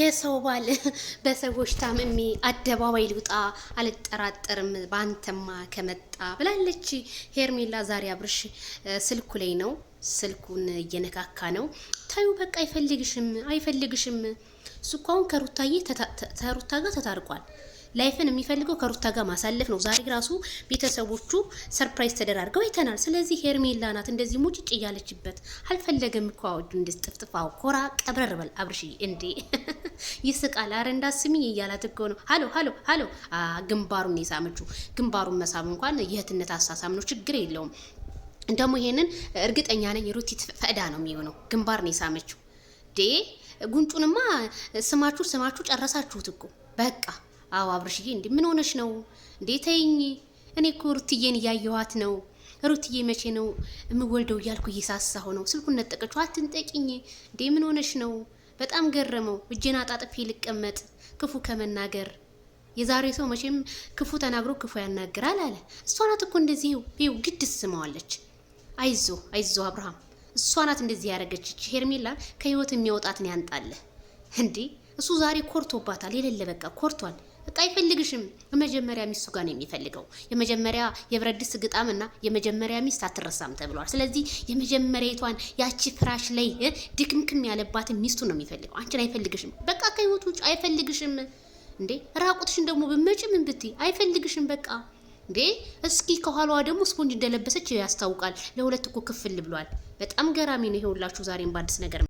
የሰው ባል በሰዎች ታምሜ አደባባይ ልውጣ አልጠራጠርም በአንተማ ከመጣ ብላለች ሄርሜላ። ዛሬ አብርሽ ስልኩ ላይ ነው፣ ስልኩን እየነካካ ነው። ታዩ በቃ አይፈልግሽም፣ አይፈልግሽም። እሱ እኮ አሁን ከሩታዬ ከሩታ ጋር ተታርቋል። ላይፍን የሚፈልገው ከሩታ ጋር ማሳለፍ ነው። ዛሬ ራሱ ቤተሰቦቹ ሰርፕራይዝ ተደራርገው አይተናል። ስለዚህ ሄርሜላ ናት እንደዚህ ሙጭጭ እያለችበት አልፈለገም እኮ አወዱ እንድስጥፍጥፋው ኮራ ቀብረር በል አብርሽ እንዴ ይስቃል። አረ እንዳስሚኝ እያላት እኮ ነው። ሀሎ ሀሎ ሀሎ። ግንባሩን የሳመችው ግንባሩን መሳም እንኳን የእህትነት አሳሳም ነው፣ ችግር የለውም። ደግሞ ይሄንን እርግጠኛ ነኝ ሩቲት ፈዳ ነው የሚሆነው። ግንባር ነው የሳመችው። ዴ ጉንጩንማ ስማችሁ ስማችሁ ጨረሳችሁት እኮ በቃ። አዎ አብርሽዬ፣ እንዲ ምን ሆነሽ ነው እንዴ? ተይኝ። እኔ እኮ ሩትዬን እያየኋት ነው ሩትዬ መቼ ነው የምወልደው እያልኩ እየሳሳሁ ነው። ስልኩን ነጠቀችው። አትንጠቂኝ እንዴ! ምን ሆነሽ ነው? በጣም ገረመው። እጄን አጣጥፌ ልቀመጥ ክፉ ከመናገር የዛሬ ሰው መቼም ክፉ ተናግሮ ክፉ ያናግራል አለ። እሷ ናት እኮ እንደዚህ ይው ግድ ስመዋለች። አይዞ አይዞ አብርሃም፣ እሷ ናት እንደዚህ ያደረገች። ሄርሜላ ከህይወት የሚያወጣትን ያንጣለ እንዴ! እሱ ዛሬ ኮርቶባታል። የሌለ በቃ ኮርቷል። በቃ አይፈልግሽም። የመጀመሪያ ሚስቱ ጋር ነው የሚፈልገው። የመጀመሪያ የብረት ድስት ግጣምና የመጀመሪያ ሚስት አትረሳም ተብሏል። ስለዚህ የመጀመሪያቷን ያቺ ፍራሽ ላይ ድክምክም ያለባትን ሚስቱ ነው የሚፈልገው። አንቺን አይፈልግሽም። በቃ ከህይወቱ ውጭ አይፈልግሽም። እንዴ ራቁትሽን ደግሞ ብመጪ ምን ብትይ አይፈልግሽም። በቃ እንዴ እስኪ ከኋላዋ ደግሞ ስፖንጅ እንደለበሰች ያስታውቃል። ለሁለት እኮ ክፍል ብሏል። በጣም ገራሚ ነው ይሄውላችሁ ሁላችሁ ዛሬም በአዲስ ነገር